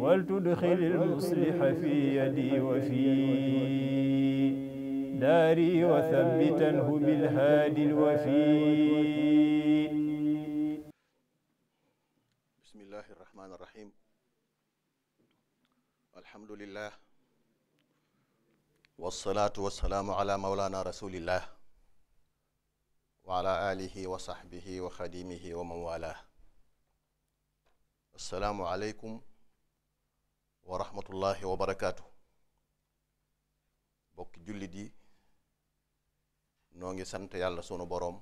ولتدخل المصلح في يدي وفي داري وثبتنه بالهادي الوفي بسم الله الرحمن الرحيم الحمد لله والصلاة والسلام على مولانا رسول الله وعلى آله وصحبه وخديمه ومن والاه السلام عليكم wa rahmatullahi barakaatu bokki jullit yi noo ngi sant yàlla sunu boroom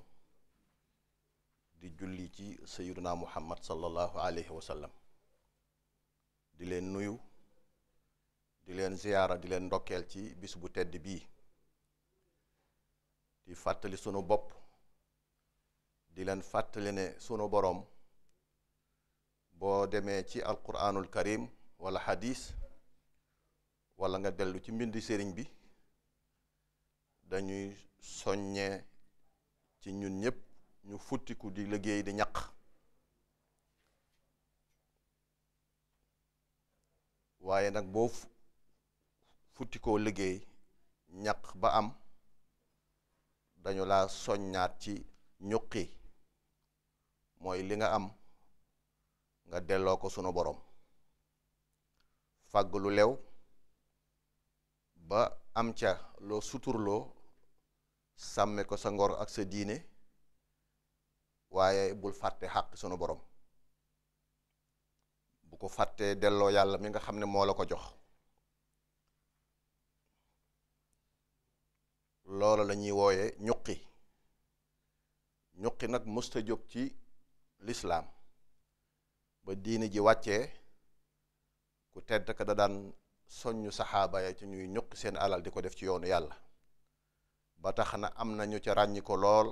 di julli ci sayyiduna muhammad sallallahu alayhi wa di leen nuyu di leen ziyaara di leen ndokkeel ci bis bu tedd bii di fàttali sunu bopp di leen fàttali ne sunu boroom boo demee ci alquraanul karim wala xadis wala nga dellu ci mbindi sëriñ bi dañuy soññee ci ñun ñëpp ñu futtiku di liggéey di ñaq waaye nag boo futtikoo liggéey ñaq ba am dañu laa soññaat ci ñuqi mooy li nga am nga delloo ko sunu borom fàgg lu lew ba am ca loo suturloo sàmme ko sa ngor ak sa diine waaye bul fàtte xàq sunu borom bu ko fàttee delloo yàlla mi nga xam ne moo la ko jox loolu lañuy ñuy wooyee ñuqi ñuqi nag mësta jóg ci lislaam ba diine ji wàccee ku tedd ka da daan soññ saxaaba ya ci ñuy ñuq seen alal di ko def ci yoonu yàlla ba tax na am na ñu ca ràññi ko lool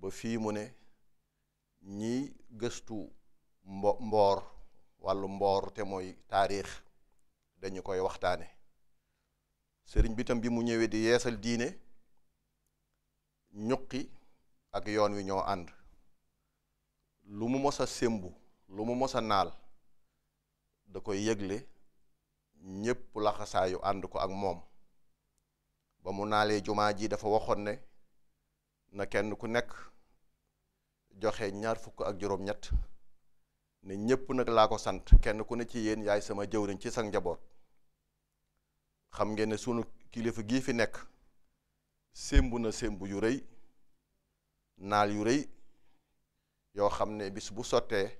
ba fii mu ne ñiy gëstu mbo mboor wàllu mboor te mooy taarix dañu koy waxtaane sëriñ bitam bi mu ñëwee di yeesal diine ñuqi ak yoon wi ñoo ànd lu mu mos a sémbu lu mu mos a naal da koy yëgle ñépp laxasaayu ànd ko ak moom ba mu naalee jumaa ji dafa waxoon ne na kenn ku nekk joxe ñaar fukk ak juróom-ñett ne ñépp nag laa ko sant kenn ku ne ci yéen yaay sama jëwriñ ci sa njaboot xam ngeen ne sunu kilifa gii fi nekk sémb na sémb yu rëy naal yu rëy yoo xam ne bis bu sottee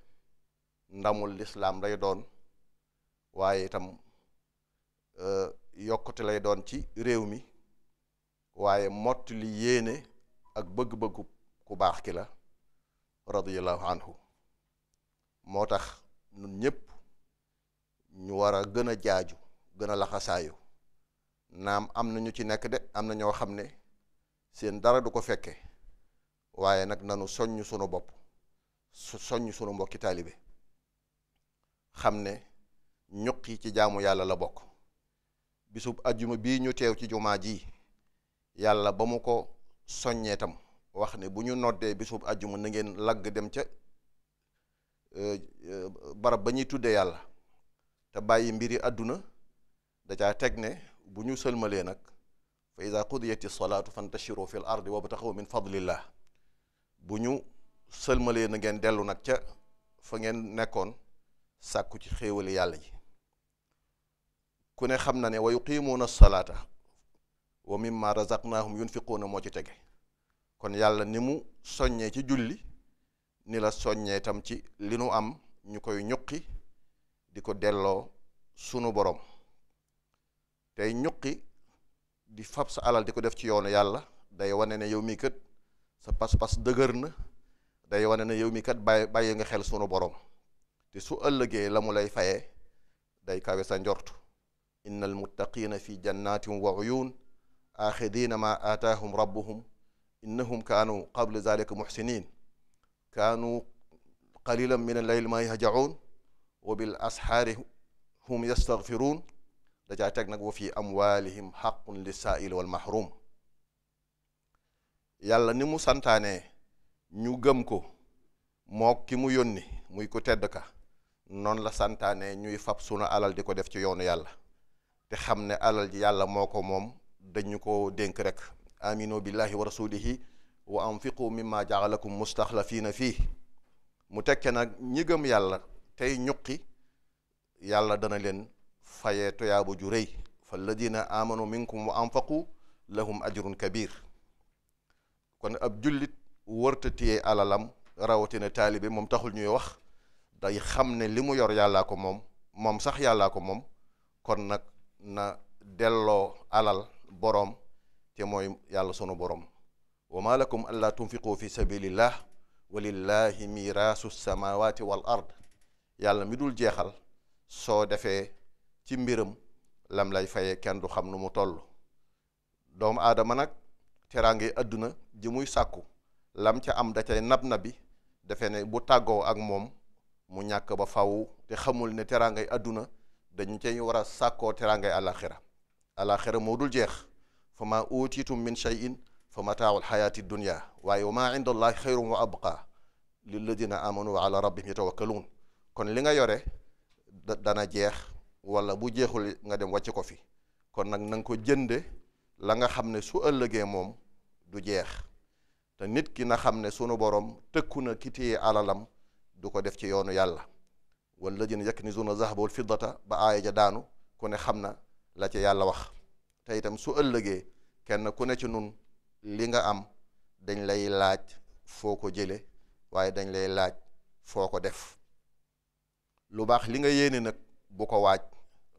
ndamul lislaam lay doon waaye itam e, yokkute lay doon ci réew mi waaye mott li yéene ak bëgg-bëggu ku baax ki la radiyallahu anhu moo tax ñun ñëpp ñu war a gën a jaaju gën a laxasaayu naam am na ñu ci nekk de am na ñoo xam ne seen dara du ko fekke waaye nag nanu soññ sunu bopp su soññ sunu mbokki taalibe xam ne ñuqi ci jaamu yàlla la bokk bisub ajjuma bi ñu teew ci jumaa ji yàlla ba mu ko soññeetam wax ne bu ñu noddee bisub ajjuma na ngeen lagg dem ca euh, euh, barab ba ñuy tuddee yàlla te bàyyi mbiri àdduna da caa teg ne bu ñu sëlmalee nag fa ida qudiyati salaatu fantashiru fi l ardi wabtaxu min fadlillah bu ñu sëlmalee na ngeen dellu nag ca fa ngeen nekkoon sàkku ci xéewali yàlla ji ku ne xam na ne wa yuqimuuna salaata wa mimma razaqnahum yunfiquuna moo ci tege kon yàlla ni mu soññee ci julli ni la soññee tam ci li nu am ñu koy ñuqi di ko delloo sunu borom tey ñuqi di fab sa alal di ko def ci yoonu yàlla day wane ne yow mi kat sa pas-pas dëgër na day wane ne yow mi kat bàyyi bàyyi nga xel sunu borom te su ëllëgee la mu lay fayee day kawe sa njort inna almuttaqiina fi jannatin wa uyun axidina ma aataahum rabbuhum innahum kaanu qabla zalika muxsinin kaanu qalilan min alleyl ma yahjaun wa bil asxaari hum yastagfiruun da caa teg nag wa fi amwalihim xaqun lisaail walmahrum yàlla ni mu santaane ñu gëm ko moo ki mu yónni muy ko tedd ka noonu la santaane ñuy fab sunu alal di ko def ci yoonu yàlla te xam ne alal ji yàlla moo ko moom dañu ko dénk rek aminu billahi wa rasulihi wa anfiqu mimma jaalakum mustaxlafiina fii mu tekke nag ñi yàlla tey ñuqi yàlla dana leen fayee toyaaba ju rëy fa alladina amanu minkum wa anfaqu lahum ajrun kabir kon ab jullit wërta téye alalam rawatina taalibe moom taxul ñuy wax day xam ne li mu yor yàlla ko moom moom sax yàlla ko moom kon nag na delloo alal boroom te mooy yàlla sunu boroom wa ma lakum an laa fi sabilillah wa lillahi miraasu samawati wal ard yàlla mi dul jeexal soo defee ci mbiram lam lay fayee kenn du xam nu mu toll doomu aadama nag teraange àdduna ji muy sàkku lam ca am da cay nab nabi defe ne bu tàggoo ak moom mu ñàkk ba faw te xamul ne teraangay àdduna dañ cey war a sàkkoo teraangay àlaxira àlaxira moo dul jeex fa ma utitum min cheyin fa mataawul xayaati duniya waaye wa maa inda allahi xayrun wa abqa lilladina amanu wa ala rabbihim yatawakkaluun kon li nga yore dana jeex wala bu jeexul nga dem wàcc ko fi kon nag na ko jënde la nga xam ne su ëllëgee moom du jeex te nit ki na xam ne sunu borom tëkku na ki téye alalam du ko def ci yoonu yàlla walladina yaknizuuna zahaba wal fiddata ba aaya ja daanu ku ne xam na la ca yàlla wax tey tam su ëllëgee kenn ku ne ci nun li nga am dañ lay laaj foo ko jëlee waaye dañ lay laaj foo ko def lu baax li nga yéene nag bu ko waaj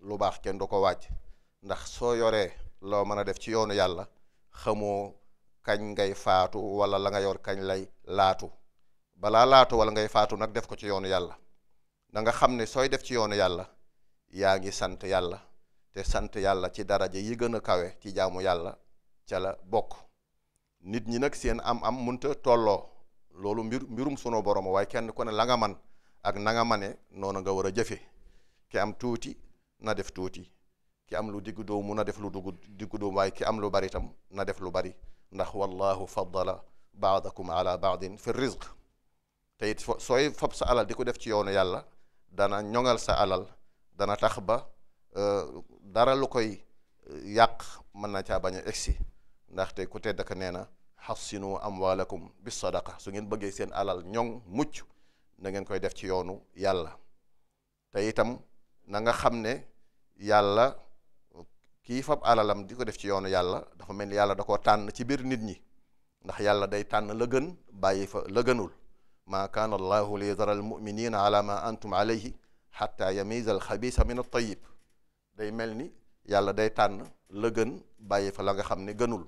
lu baax kenn du ko waaj ndax soo yoree loo mën a def ci yoonu yàlla xamoo kañ ngay faatu wala la nga yor kañ lay laatu balaa laatu wala ngay faatu nag def ko ci yoonu yàlla na nga xam ne sooy def ci yoonu yàlla yaa ngi sant yàlla te sant yàlla ci daraja yi gën a kawe ci jaamu yàlla ca la bokk nit ñi nag seen am-am munta tolloo loolu mbir mbirum sunu borom waaye kenn ku ne la nga man ak nanga nga mane noonu nga war a jëfe ki am tuuti na def tuuti ki am lu diggu doomu na def lu dugg diggu doomu waaye ki am lu bari tam na def lu bari ndax wallahu faddala baadakum ala baadin fi rizq te it sooy fab sa alal di ko def ci yoonu yàlla dana ñoŋal sa alal dana tax ba euh, dara lu koy euh, yàq mën na caa bañ a egsi ndaxte ku tedd ka nee na am amwaalakum bi sadaqa su ngeen bëggee seen alal ñoŋ mucc na ngeen koy def ci yoonu yàlla te itam na nga xam ne yàlla kii fab alalam di ko def ci yoonu yàlla dafa mel ni yàlla da koo tànn ci biir nit ñi ndax yàlla day tànn la gën bàyyi fa la gënul maa kaana allahu li yadara almuminina ala ma antum alayhi xatta yamiza alxabisa min altayib day mel ni yàlla day tànn la gën bàyyi fa la nga xam ne gënul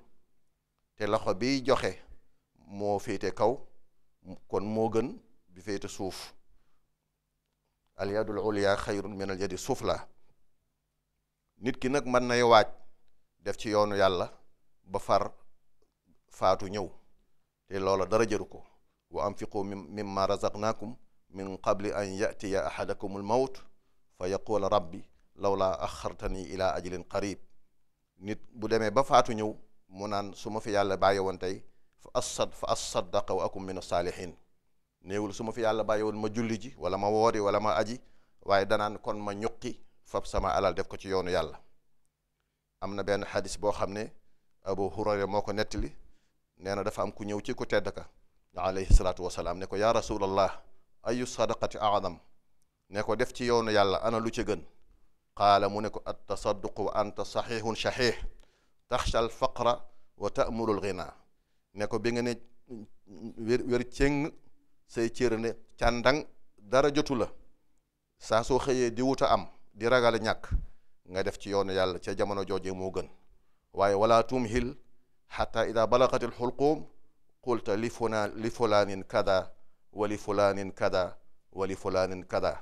te loxo bi joxe moo féete kaw kon moo gën bi féete suuf alyadul ulya xayrun min alyadi sufla nit ki nag mën nay waaj def ci yoonu yàlla ba far faatu ñëw te loola dara jëru ko wa anfiqu mimma razaqnaakum min qabli an yatiya ahadakum almawt fa yaqula rabbi lawlaa axartani ila ajalin qarib nit bu demee ba faatu ñëw mu naan su ma fi yàlla bàyyi woon tey fa assad fa assaddaqa wa akum min saalihin su ma fi yàlla bàyyi woon ma julli ji wala ma woori wala ma aji waaye danaan kon ma ñuqi fab sama alal def ko ci yoonu yàlla am na benn xadis boo xam ne Abu Hurayra moo ko nettali nee na dafa am ku ñëw ci ku tedd alayhi salaatu wasalaam ne ko yaa rasulallah ayu sadaqati aadam ne ko def ci yoonu yàlla ana lu ci gën qaala mu ne ko at tasadduqu wa anta saxiixun saxiix taxsha al faqra wa taamuru al ghina ne ko bi nga ne wér wér céng say cër ne càndang dara jotula la saa soo xëyee di wut a am di ragal ñàkk nga def ci yoonu yàlla ca jamono jooje moo gën waaye wala tumhil xata ida balagatil xulquum qulta li fula li fulaanin kada wa li fulaanin kada wa li fulaanin kada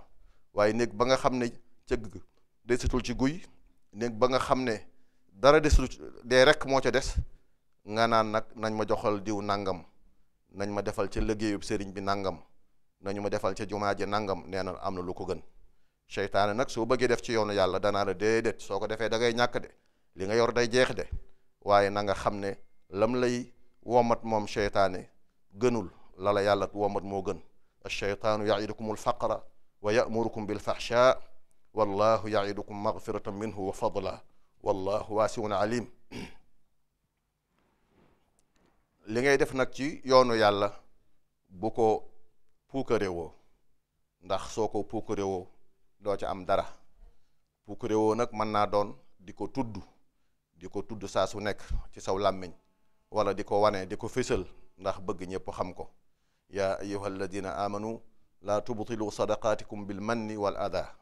waaye néeg ba nga xam ne cëgg desitul ci guy néeg ba nga xam ne dara desitul dee rek moo ca des nga naan nag nañ ma joxal diw nangam nañ ma defal ca liggéeyub sëriñ bi nangam nañu ma defal ca jumaa ji nangam nee na am na lu ko gën seytaane nag soo bëggee def ci yoonu yàlla danaa la déedéet soo ko defee da ngay ñàkk de li nga yor day jeex de waaye nanga xam ne lam lay womat moom seytaane gënul lala yàlla womat moo gën alcheytaanu yaidukum alfaqra wa yamurukum bilfaxsha wallahu yaidukum magfiratan minhu wa fadla wallahu waasiun alim li ngay def nag ci yoonu yàlla bu ko puukarewoo ndax soo ko puukarewoo doo ci am dara puukarewoo nag mën naa doon di ko tudd di ko tudd saa su nekk ci saw làmmiñ wala di ko wane di ko fésal ndax bëgg ñëpp xam ko yaa ayuha alladina amanu laa tubtilu sadaqaatikum bil wal ada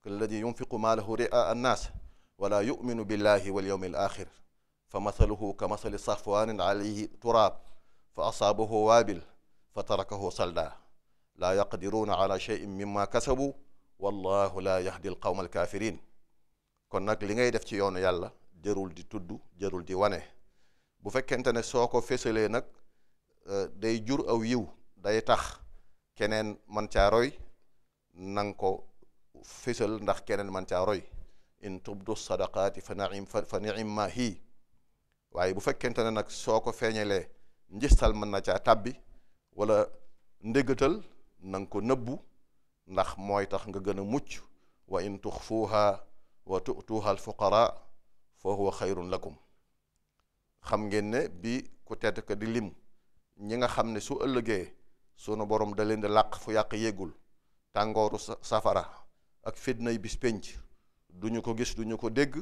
kalladi yunfiqu maalahu ria annaas wala yuminu billahi wal yawmi fa mathaluhu ka mathali safwanin alayhi turaab fa asaabahu waabil fa tarakahu salda laa yaqdiruuna ala cheyin mimma kasabu wallahu laa yahdi al qawma kon nag li ngay def ci yoonu yàlla jërul di tudd jërul di wane bu fekkente ne soo ko fésalee nag euh, day jur aw yiw day tax keneen man caa roy ko fésal ndax keneen man caa roy in tubdu sadaqaati fa naim fa niim ma waaye bu fekkente ne nag soo ko feeñalee njistal mën na caa tàbbi wala ndéggatal nang ko nëbbu ndax mooy tax nga gën a mucc wa in tuxfuuha wa tu'tuuha alfuqara fa huwa xayrun lakum xam ngeen ne bi ku tedd ko di lim ñi nga xam ne su ëllëgee sunu borom da leen di làq fu yàq yéegul tàngooru safara ak fitna bis pénc duñu ko gis duñu ko dégg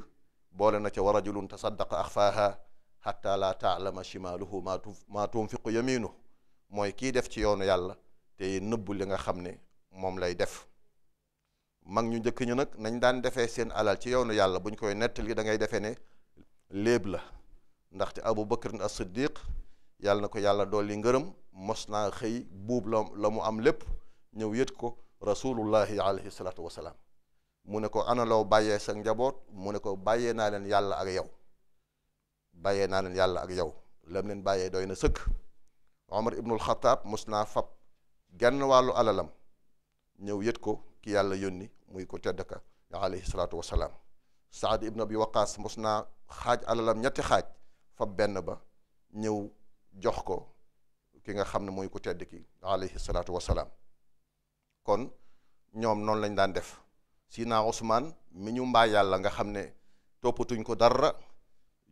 boole na ca wa rajulun tasaddaqa axfaaha xatta la taalama shimaaluhu ma tunfiqu yeminu mooy kii def ci yoonu yàlla te nëbbu li nga xam ne moom lay def mag ñu njëkk ñu nag nañ daan defee seen alal ci yoonu yàlla buñ koy nettali da ngay defee ne léeb la ndaxte abu bakrin as siddiq yàlla na ko yàlla dolli ngërëm mos naa xëy buub la mu am lépp ñëw yët ko rasulullahi alayhi salaatu wasalaam mu ne ko analoo bàyyee sa njaboot mu ne ko bàyyee naa leen yàlla ak yow bàyyee naa leen yàlla ak yow lam leen bàyyee doy na sëkk omar ibnul xataab mos naa fab genn wàllu alalam ñëw yët ko ki yàlla yonni muy ko tedd ka alayhi salaatu wasalaam saad ibn abi waqaas mos naa xaaj alalam ñetti xaaj fab benn ba ñëw jox ko ki nga xam ne mooy ku tedd ki alayhi salaatu wasalaam kon ñoom noonu lañ daan def sina Usmaan mi ñu mbaa yàlla nga xam ne toppatuñ ko dara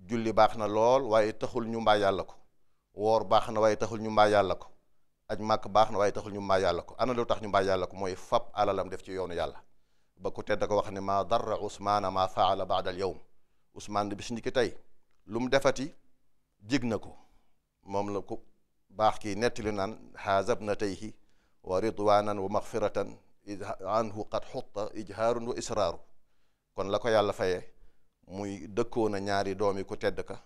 julli baax na lool waaye taxul ñu mbaa yàlla ko woor baax na waaye taxul ñu mbaa yàlla ko aj màkk baax na waaye taxul ñu mbaa yàlla ko ana lu tax ñu mbaa yàlla ko mooy fab alalam def ci yoonu yàlla ba ku tedd ko wax ne maa darra Usmaana maa faala baada al yawm Usmaan bi bis ni tey lu mu defati jig na ko moom la ko baax kii nettali naan xaazab na tayhi wa ridwanan wa maxfiratan anhu qad xutta ijhaarun wa israaru kon la ko yàlla fayee muy dëkkoo na ñaari doomi ku tedd ka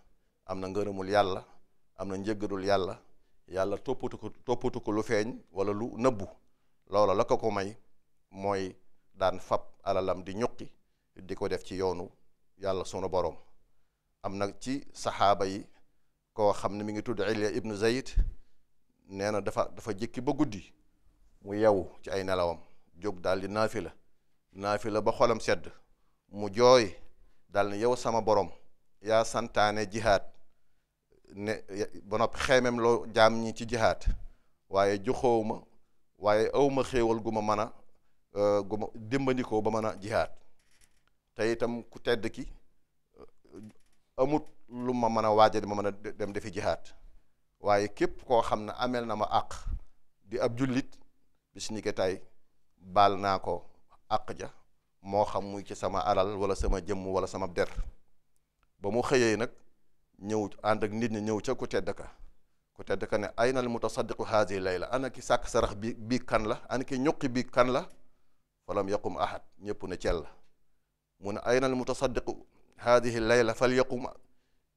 am na ngërëmul yàlla am na njëggalul yàlla yàlla toppatu ko lu feeñ wala lu nëbbu loola la ko ko may mooy daan fab alalam di ñuqi di ko def ci yoonu yàlla sunu boroom am nag ci saxaaba yi ko xam ne mu ngi tudd Ilya ibnu Zayd nee na dafa dafa jëkki ba guddi mu yewu ci ay nelawam jóg daal di naafila la ba xolam sedd mu jooy dal ne yow sama borom yaa santaane jihaad ne ba noppi xeemem loo jaam ñi ci jihaad waaye joxoow ma waaye awma xéewal gu ma mën a euh, gu ma dimbandikoo ba mën a jihaad te itam ku tedd ki amut lu ma mën a waaja di mën a dem defi jihaat waaye képp koo xam ne ameel na ma àq di ab jullit bis baal naa ko àq ja moo xam muy ci sama alal wala sama jëmm wala sama der ba mu xëyee nag ñëw ànd ak nit ñi ñëw ca ku tedd ka ku tedd ka ne ay na al mutasaddiqu haadihi layla ana ki sàkk sarax bi bii kan la ana ki ñuqi bii kan la falam yaqum ahad ñëpp ne cell mu ne ay na al mutasaddiqu haadihi layla fal yaqum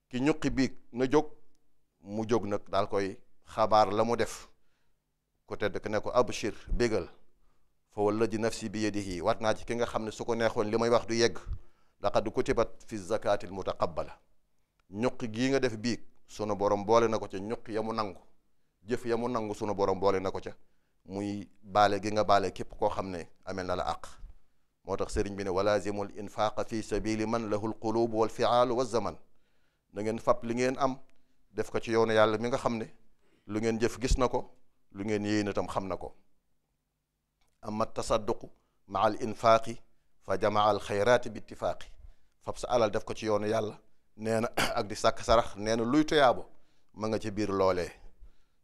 ki ñuqi biig na jóg mu jóg nag daal koy xabaar la mu def ko tedd ki ne ko abshir bégal fa walladi nafsi bi yadihi wat naa ci ki nga xam ne su ko neexoon li may wax du yegg laqad kutibat fi zakatil mutaqabbala ñuqi gii nga def biig sunu borom boole na ko ca ñuq ya mu nangu jëf ya nangu sunu borom boole na ko ca muy baale gi nga baale képp koo xam ne amel na la àq moo tax sëriñ bi ne walazimul infaaqa fi sabili man lahul qulub wal fiaal wa zaman da ngeen fab li ngeen am def ko ci yoonu yàlla mi nga xam ne lu ngeen jëf gis na ko lu ngeen yéene itam xam na ko amma tasadduqu ma al infaaqi fa jamaa al xayraati bi ittifaaqi fab sa alal def ko ci yoonu yàlla nee na ak di sàkk sarax nee na luy toyaabo ma nga ci biir loolee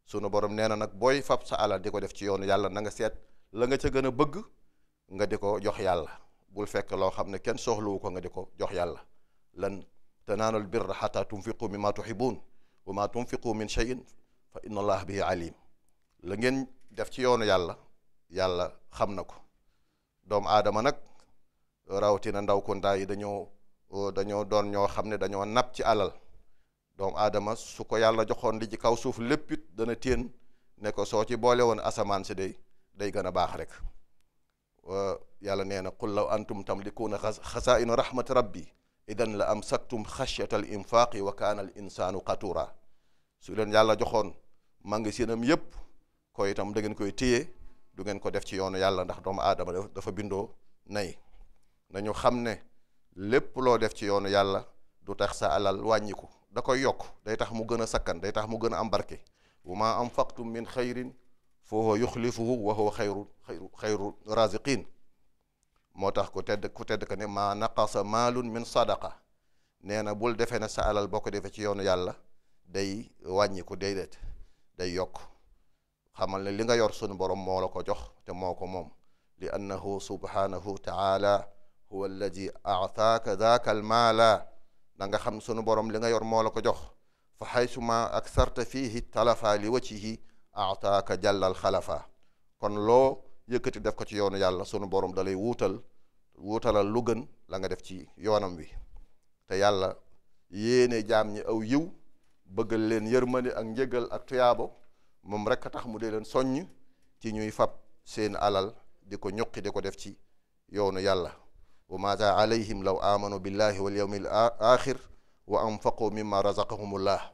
sunu borom nee na nag booy fab sa alal di ko def ci yoonu yàlla na nga seet la nga ca gën a bëgg nga di ko jox yàlla bul fekk loo xam ne kenn soxlawu ko nga di ko jox yàlla lan tanaalul birra xata tunfiqu mimma tuhibbun wa ma tunfiqu min shay'in fa inna allah bihi alim la ngeen def ci yoonu yàlla yàlla xam na ko doom aadama nag rawatina ndaw kundaa yi dañoo dañoo doon ñoo xam ne dañoo napp ci alal doomu aadama su ko yàlla joxoon li ci kaw suuf lépp it dana téen ne ko soo ci boole woon asamaan si day day gën a baax rek yàlla nee na qul law antum tamlikuuna xasaa'ina rahmati rabbi idan la amsaktum xashyata al infaaqi wa kaana al insaanu qatura su leen yàlla joxoon maa ngi seenam yépp koy itam da ngeen koy téye du ngeen ko def ci yoonu yàlla ndax doomu aadama dafa bindoo nay nañu xam ne lépp loo def ci yoonu yàlla du tex sa alal wàññiku da koy yokk day tax mu gën a sakkan day tax mu gën a am barke ma anfaqtum min xayrin fa huwa yuxlifuhu wa huwa xayru xayru xayru raziqin moo tax ku tedd ku tedd ka ne ma naqasa maalun min sadaqa nee na bul defee ne sa alal boo ko defee ci yoonu yàlla day wàññi ko déedéet day yokk xamal ne li nga yor sunu borom moo la ko jox te moo ko moom li annahu subhanahu taala huwa alladi aataaka daaka almaala na nga xam sunu borom li nga yor moo ko jox fa xaysuma aksarta fiihi talafa li wajhihi ataaka jàllal xalafa kon loo yëkkati def ko ci yoonu yàlla sunu borom dalay wuutal wuutalal lu gën la nga def ci yoonam wi te yàlla yéene jaam ñi aw yiw bëggal leen yërmande ak njëgal ak tuyaabo moom rek a tax mu dee leen soññ ci ñuy fab seen alal di ko ñuqi di ko def ci yoonu yàlla wa maata alayhim law amanu billahi wal yawmil axir wa anfaqu mimma razaqahumullah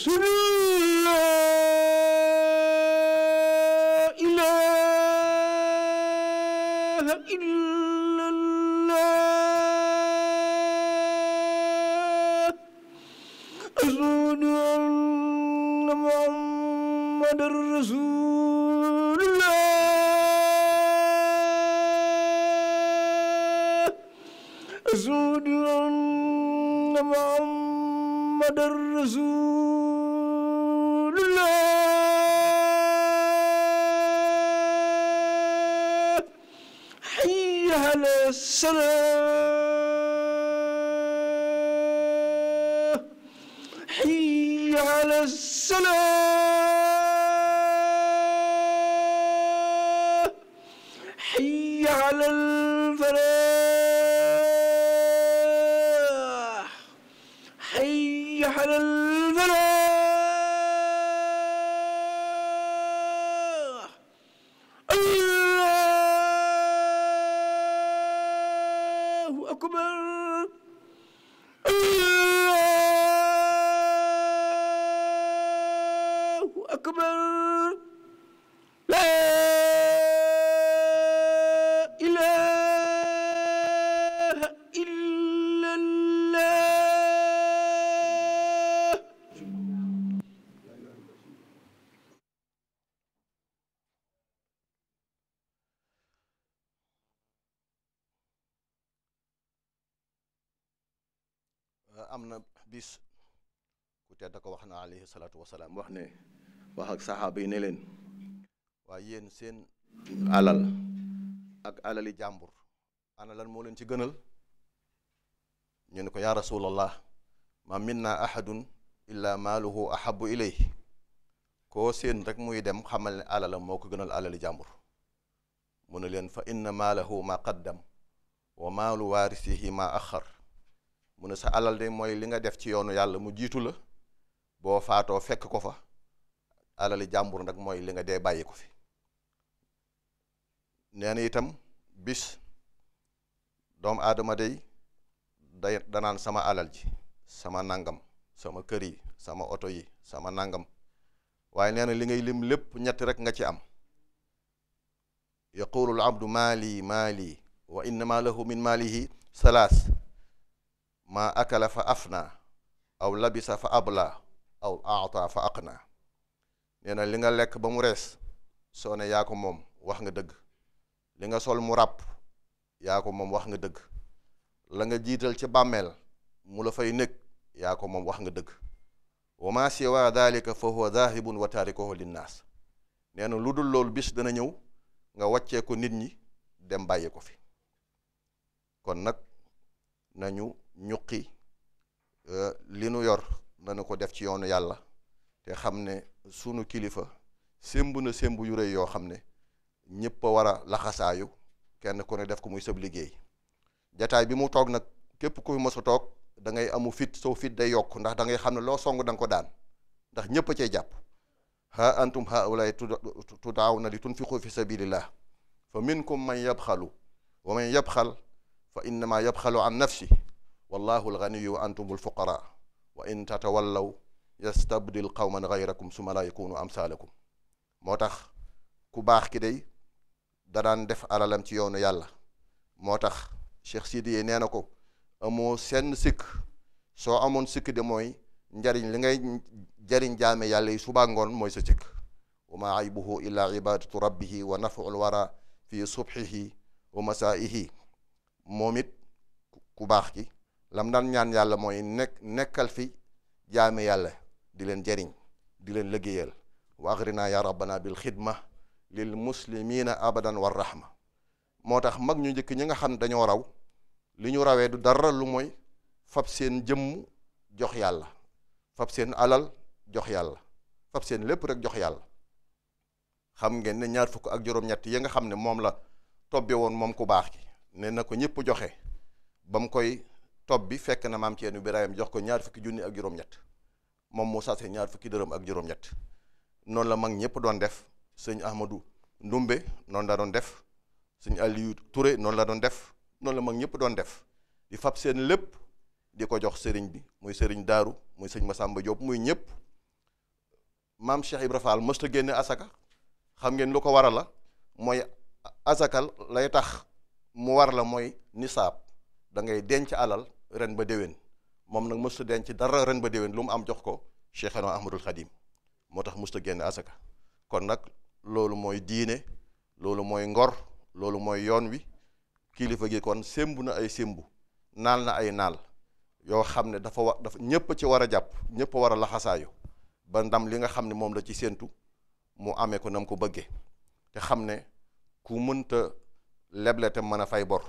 رسول الله إله إلا salaatu wasalaam wax ne wax ak saxaaba ne leen waaye yéen seen alal ak alali jàmbur ana moo leen ci gënal ñu ne ko yaa rasulallah ma minna ahadun illa maaluhu ahabu ilay koo seen rek muy dem xamal ne alala moo ko gënal alali jàmbur mu ne leen fa inna maalahu ma qaddam wa maalu waarisihi ma axar mu ne sa alal de mooy li nga def ci yoonu yàlla mu jiitu la boo faatoo fekk ko fa alali jàmbur nag mooy li nga dee bàyyi fi nee na itam bis doom aadama day da danaan sama alal ji sama nangam sama kër yi sama oto yi sama nangam waaye nee na li ngay lim lépp ñett rekk nga ci am yaqulu al abdu maali maali wa innama lahu min maalihi salaas maa akala fa afna aw labisa fa abla aw aata fa aqna nee na li nga lekk ba mu rees soo ne yaa ko moom wax nga dëgg li nga sol mu ràpp yaa ko moom wax nga dëgg la nga jiital ci bàmmeel mu la fay nekk yaa ko moom wax nga dëgg wa ma siwa dalika fa huwa dahibun wa taarikuhu linnaas nee na lu dul loolu bis dana ñëw nga wàccee ko nit ñi dem bàyyi ko fi kon nag nañu ñuqi euh, li nu yor nanu ko def ci yoonu yàlla te xam ne sunu kilifa sémb na sémb yu rëy yoo xam ne ñëpp a war a laxasaayu kenn ku ne def ko muy sab liggéey jataay bi mu toog nag képp ku mos a toog dangay amu fit soo fit day yokk ndax da ngay xam ne loo song danga ko daan ndax ñëpp a cay jàpp ha antum haulaay tudaaw na li tunfiqu fi sabilillah fa minkum man yabxalu wa man yabxal fa innama yabxalu an nafsi wallahu alganiyu wa antumul fuqara wa in tatawallaw yastabdil qawman gayrakum suma la yakunu amsalakum moo tax ku baax ki day danaan def alalam ci yoonu yàlla moo tax Cheikh Sidiye nee na ko amoo senn sikk soo amoon sikk de mooy njariñ li ngay jariñ jaame yàlla yi suba mooy sa sikk wa ma aybuhu illa ibadatu rabbihi wa naf'ul wara fi subhihi wa masaihi moom it ku baax ki lam daan ñaan yàlla mooy nekk nekkal fi jaame yàlla di leen jariñ di leen liggéeyal wa axrina ya rabbana bil xidma lil muslimina abadan war rahma moo tax mag ñu njëkk ñi nga xam dañoo raw li ñu rawee du dara lu mooy fab seen jëmm jox yàlla fab seen alal jox yàlla fab seen lépp rek jox yàlla xam ngeen ne ñaar fukk ak juróom-ñett yi nga xam ne moom la tobbe woon moom ku baax ki ne na ko ñëpp joxe bam koy topp bi fekk na maam Ceerno Birahim jox ko ñaar fukki junni ak juróom-ñett moom mu sase ñaar fukki dërëm ak juróom-ñett noonu la mag ñëpp doon def sëñ axmadu Ndumbe noonu la doon def sëñ Aliou Touré noonu la doon def noonu la mag ñëpp doon def di fab seen lépp di ko jox sëriñ bi muy sëriñ Daaru muy sëñ ma Masamba Diop muy ñëpp maam Cheikh Ibra Fall mësta génne asaka xam ngeen lu ko waral la mooy asakal lay tax mu war la mooy nisaab da ngay denc alal ren ba déwén moom nag mosut denc dara ren ba déwén lu mu am jox ko Cheikhana Ahmadul Xadim moo tax mosut génne asaka kon nag loolu mooy diine loolu mooy ngor loolu mooy yoon wi kilifa gi kon sémbu na ay sémbu naal na ay naal yoo xam ne dafa wa dafa ci war a jàpp ñëpp war a laxasaayu ba ndam li nga xam ne moom la ci séentu mu amee ko nam ko bëggee te xam ne ku mënta leble te mën a fay bor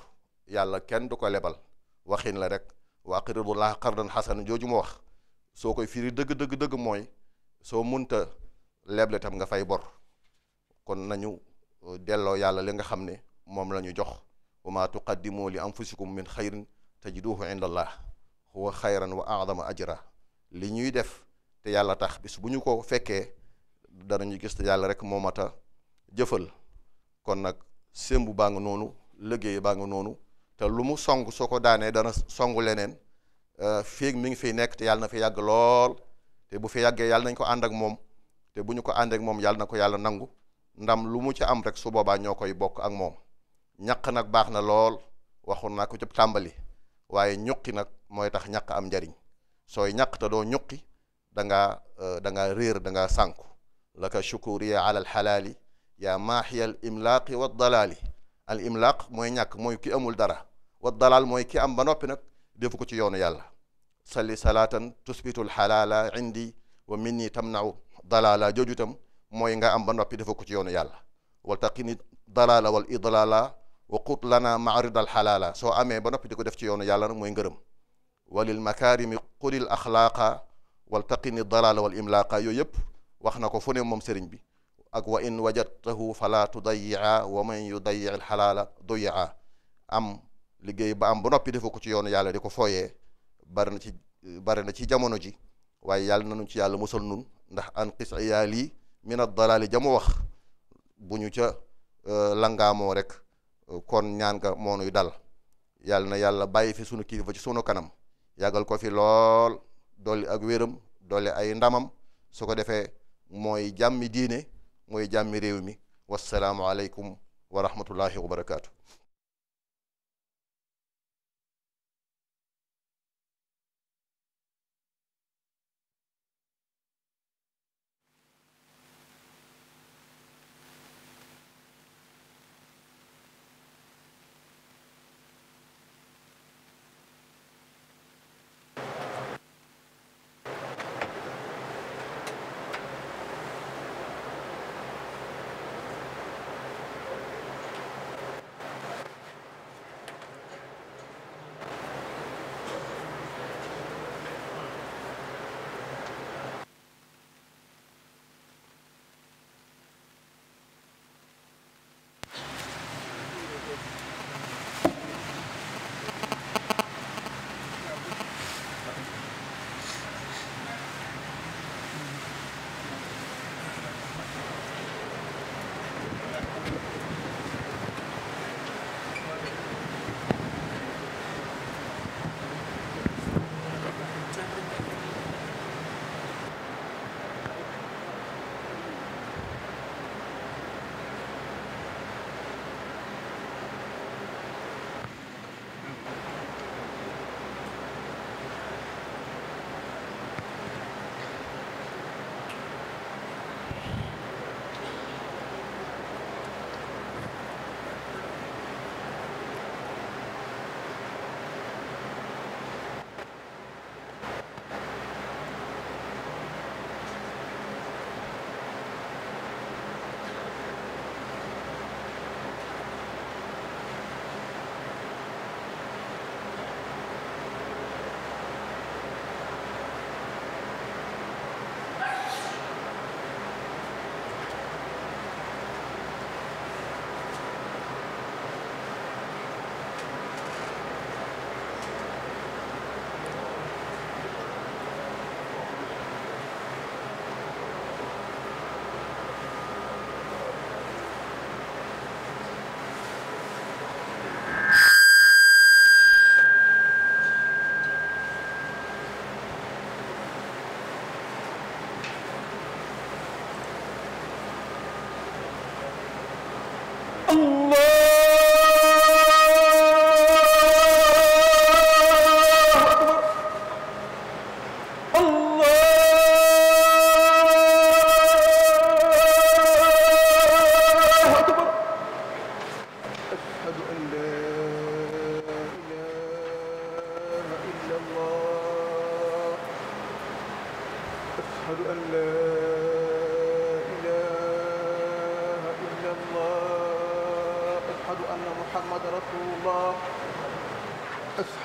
yàlla kenn du ko lebal. waxin la rek wa aqridullaaha qardan xasan jooju mu wax soo koy firi dëgg dëgg dëgg mooy soo munta leble tam nga fay bor kon nañu euh, delloo yàlla li nga xam ne moom la ñu jox wa ma tuqaddimu li anfusikum min xayrin tajiduhu inda allah huwa xayran wa adama ajra li ñuy def te yàlla tax bis bu ñu ko fekkee danañu gis te yàlla rek moo mat a jëfal kon nag sémbu baa nga noonu liggéey baa nga noonu te lu mu song soo ko daanee dana song leneen euh, fii mi ngi fiy nekk te yàlla na fi yàgg lool te bu fi yàggee yàlla nañ ko ànd ak moom te bu ñu ko ànd moom yàlla na ko yàlla nangu ndam lu mu ci am rek su boobaa ñoo koy bokk ak moom ñaq nag baax na lool waxoon naa ko ci tàmbali waaye ñuqi nag mooy tax ñaq am njariñ sooy ñaq te doo ñuqi danga nga da nga euh, réer da nga sànku laka shukuriya ala alxalaali yaa maaxiya al imlaaqi wa dalaali al imlaaq mooy ñàkk mooy ki amul dara wa dalaal mooy ki am ba noppi nag defu ko ci yoonu yàlla salli salaatan tusbitul xalaala indi wa minni tamnau dalaala jooju itam mooy nga am ba noppi defu ko ci yoonu yàlla wal taqini dalaala wal idlaala wa qut lana maaridal xalaala soo amee ba noppi di ko def ci yoonu yàlla nag mooy ngërëm walil makaarimi qulil axlaaqa wal taqini dalaala wal imlaaqa yooyu yëpp wax na ko fu ne moom sëriñ bi ak wa in wajadtahu fala tudayiaa wa man yudayi alxalaala doyiaa am liggéey ba am ba noppi defoo ko ci yoonu yàlla di ko fooyee bari na ci bari na ci jamono ji waaye yàlla nañu ci yàlla musal nun ndax an qis iyaali min ad-dalaali jamu wax bu ñu ca e, langaamoo rek e, kon ñaan nga moo nuy dal yàlla na yàlla bàyyi fi sunu kilifa ci sunu kanam yàggal ko fi lool dolli ak wéram dolli ay ndamam su ko defee mooy jàmmi diine mooy jàmmi réew mi wasalaamu aleykum wa rahmatullahi wa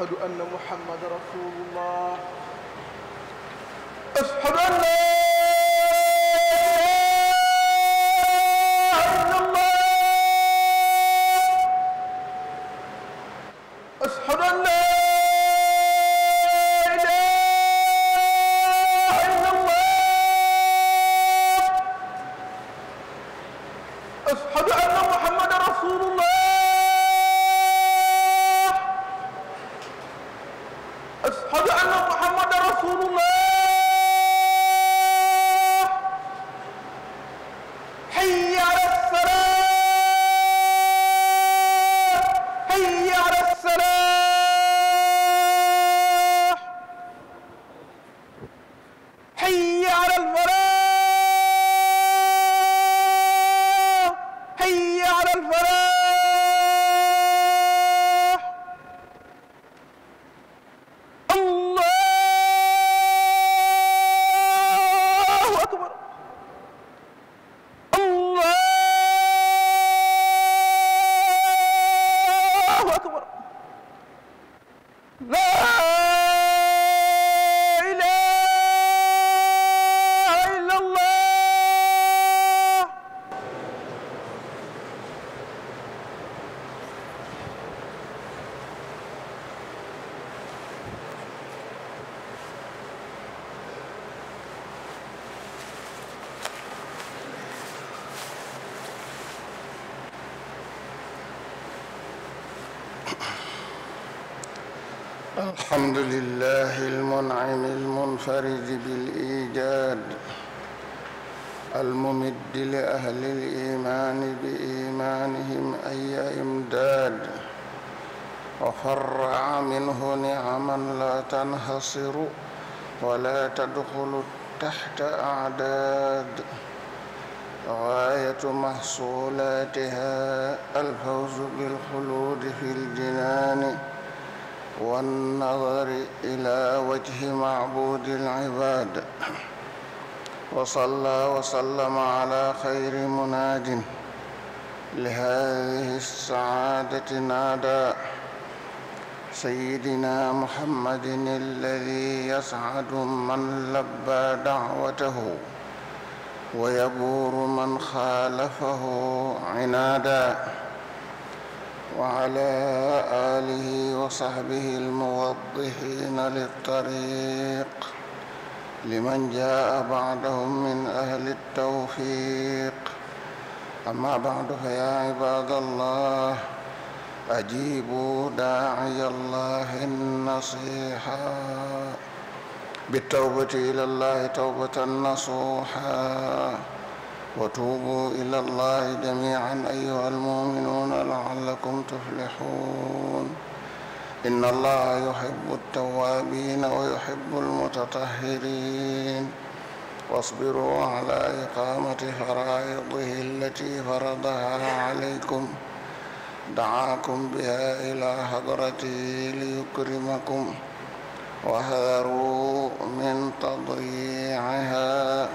واشهد ان محمد ashhadu anna muhammadan rasulullah وجه معبود العباد وصلى وسلم على خير مناد لهذه السعادة نادى سيدنا محمد الذي يسعد من لبى دعوته ويبور من خالفه عنادا وعلى آله وصحبه الموضحين للطريق لمن جاء بعدهم من أهل التوفيق أما بعد فيا عباد الله أجيبوا داعي الله النصيحة بالتوبة إلى الله توبة نصوحا وتوبوا إلى الله جميعا أيها المؤمنون لعلكم تفلحون إن الله يحب التوابين ويحب المتطهرين واصبروا على إقامة فرائضه التي فرضها عليكم دعاكم بها إلى حضرته ليكرمكم واحذروا من تضييعها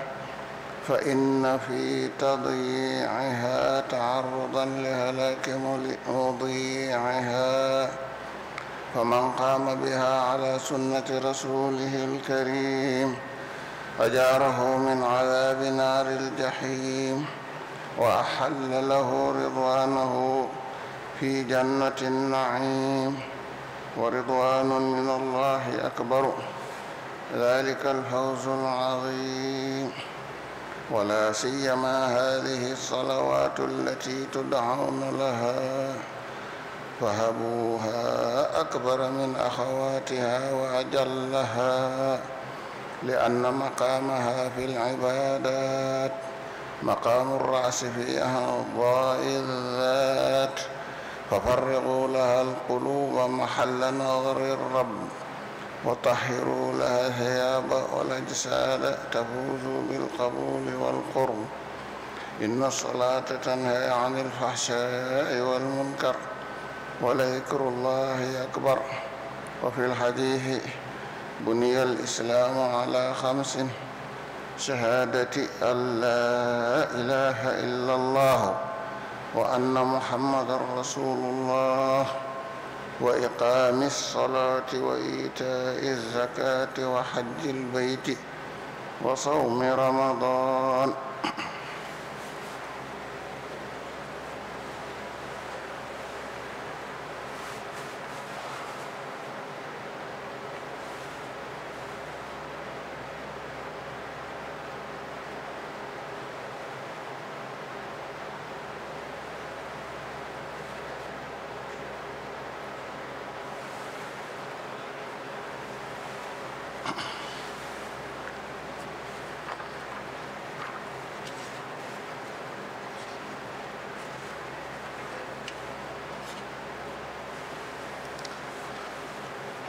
فإن في تضييعها تعرضا لهلاك مضيعها فمن قام بها على سنة رسوله الكريم أجاره من عذاب نار الجحيم وأحل له رضوانه في جنة النعيم ورضوان من الله أكبر ذلك الفوز العظيم ولا سيما هذه الصلوات التي تدعون لها فهبوها أكبر من أخواتها وأجلها لأن مقامها في العبادات مقام الرأس في أعضاء الذات ففرغوا لها القلوب محل نظر الرب وطهروا لها الثياب والأجساد تفوز بالقبول والقرب إن الصلاة تنهى عن الفحشاء والمنكر ولذكر الله أكبر وفي الحديث بني الإسلام على خمس شهادة أن لا إله إلا الله وأن محمد رسول الله وإقام الصلاة وإيتاء الزكاة وحج البيت وصوم رمضان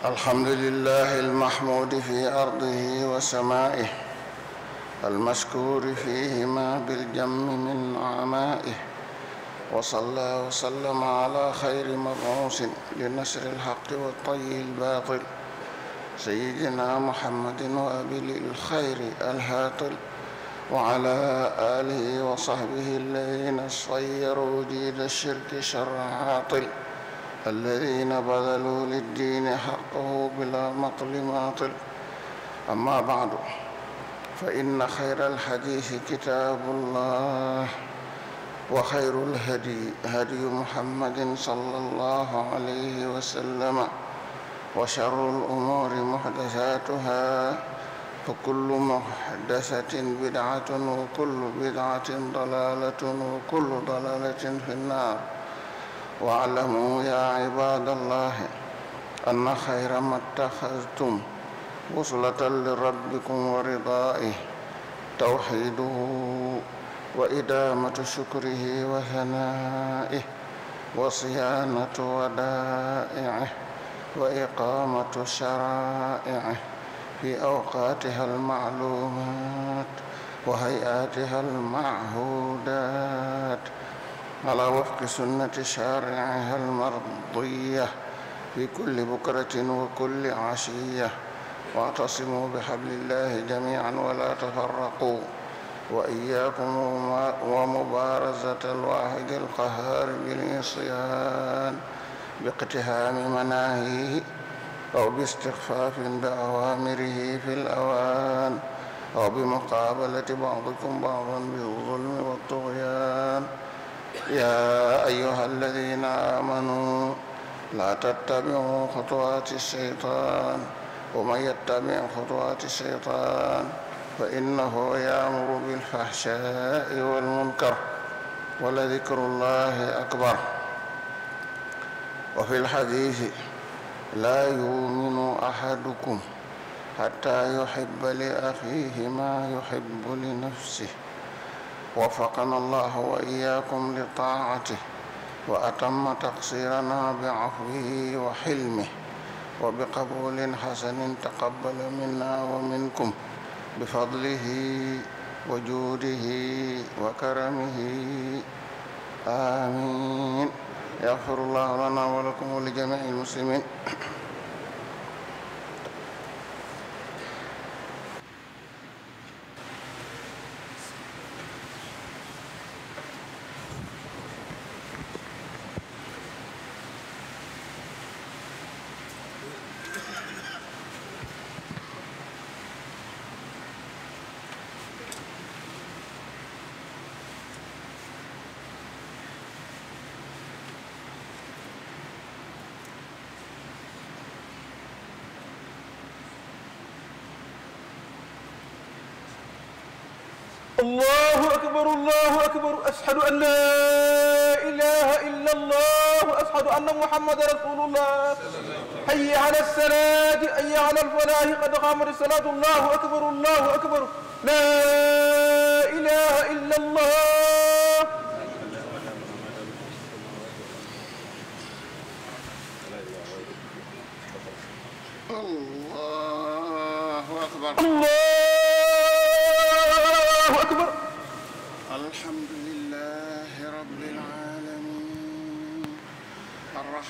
الحمد لله المحمود في أرضه وسمائه المشكور فيهما بالجم من عمائه وصلى وسلم على خير مبعوث لنشر الحق والطي الباطل سيدنا محمد وابل الخير الهاطل وعلى آله وصحبه الذين صيروا دين الشرك شر عاطل الذين بذلوا للدين حقه بلا مطلماط أما بعد فإن خير الحديث كتاب الله وخير الهدي هدي محمد صلى الله عليه وسلم وشر الأمور محدثاتها فكل محدثة بدعة وكل بدعة ضلالة وكل ضلالة في النار واعلموا يا عباد الله أن خير ما اتخذتم وصلة لربكم ورضائه توحيده وإدامة شكره وثنائه وصيانة ودائعه وإقامة شرائعه في أوقاتها المعلومات وهيئاتها المعهودات على وفق سنة شارعها المرضية في كل بكرة وكل عشية واعتصموا بحبل الله جميعا ولا تفرقوا وإياكم ومبارزة الواحد القهار بالعصيان باقتهام مناهيه أو باستخفاف بأوامره في الأوان أو بمقابلة بعضكم بعضا بالظلم والطغيان يا أيها الذين آمنوا لا تتبعوا خطوات الشيطان ومن يتبع خطوات الشيطان فإنه يأمر بالفحشاء والمنكر ولذكر الله أكبر وفي الحديث لا يؤمن أحدكم حتى يحب لأخيه ما يحب لنفسه وفقنا الله وإياكم لطاعته وأتم تقصيرنا بعفوه وحلمه وبقبول حسن تقبل منا ومنكم بفضله وجوده وكرمه آمين يغفر الله لنا ولكم ولجميع المسلمين allahu akbar allahu akbar ashhadu an la ilaha illa allah ashhadu anna muhammadan rasulullah hayya ala salaati hayya ala alfalah qad qaamat salaatu allahu akbar allahu akbar la ilaha illa allah allahu akbar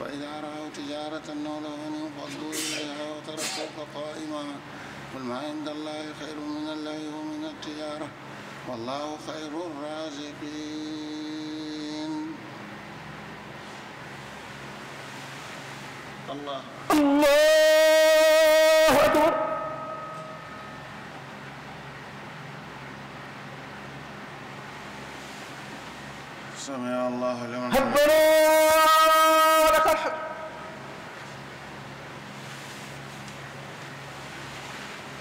وإذا رأوا تجارة نولهم انفضوا إليها وتركوك قائما قل ما عند الله خير من الله ومن التجارة والله خير الرازقين الله الله أكبر سمع الله لمن حمده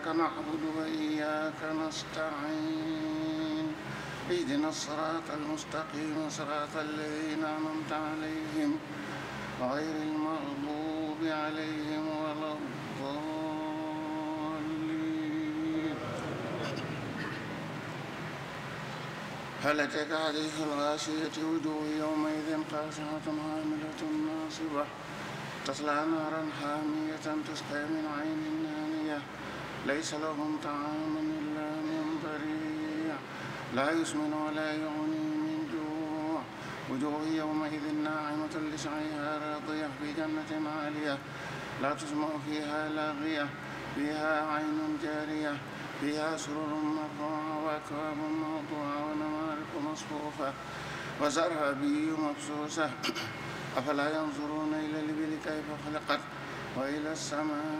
إياك نعبد وإياك نستعين اهدنا الصراط المستقيم صراط الذين أنعمت عليهم غير المغضوب عليهم ولا الضالين هل أتاك حديث الغاشية وجوه يومئذ قاسمة عاملة ناصبة تصلى نارا حامية تسقى من عين ليس لهم طعام إلا من ضريع لا يسمن ولا يغني من جوع وجوه يومئذ ناعمة لسعيها راضية في جنة عالية لا تسمع فيها لاغية فيها عين جارية فيها سرر مرفوعة وأكواب موضوعة ونمارق مصفوفة وزرابي مبسوسة أفلا ينظرون إلى الإبل كيف خلقت وإلى السماء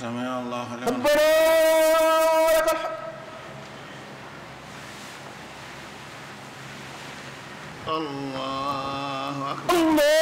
سمع الله لمن لك الحمد الله أكبر الله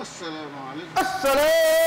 asalaamaaleykum.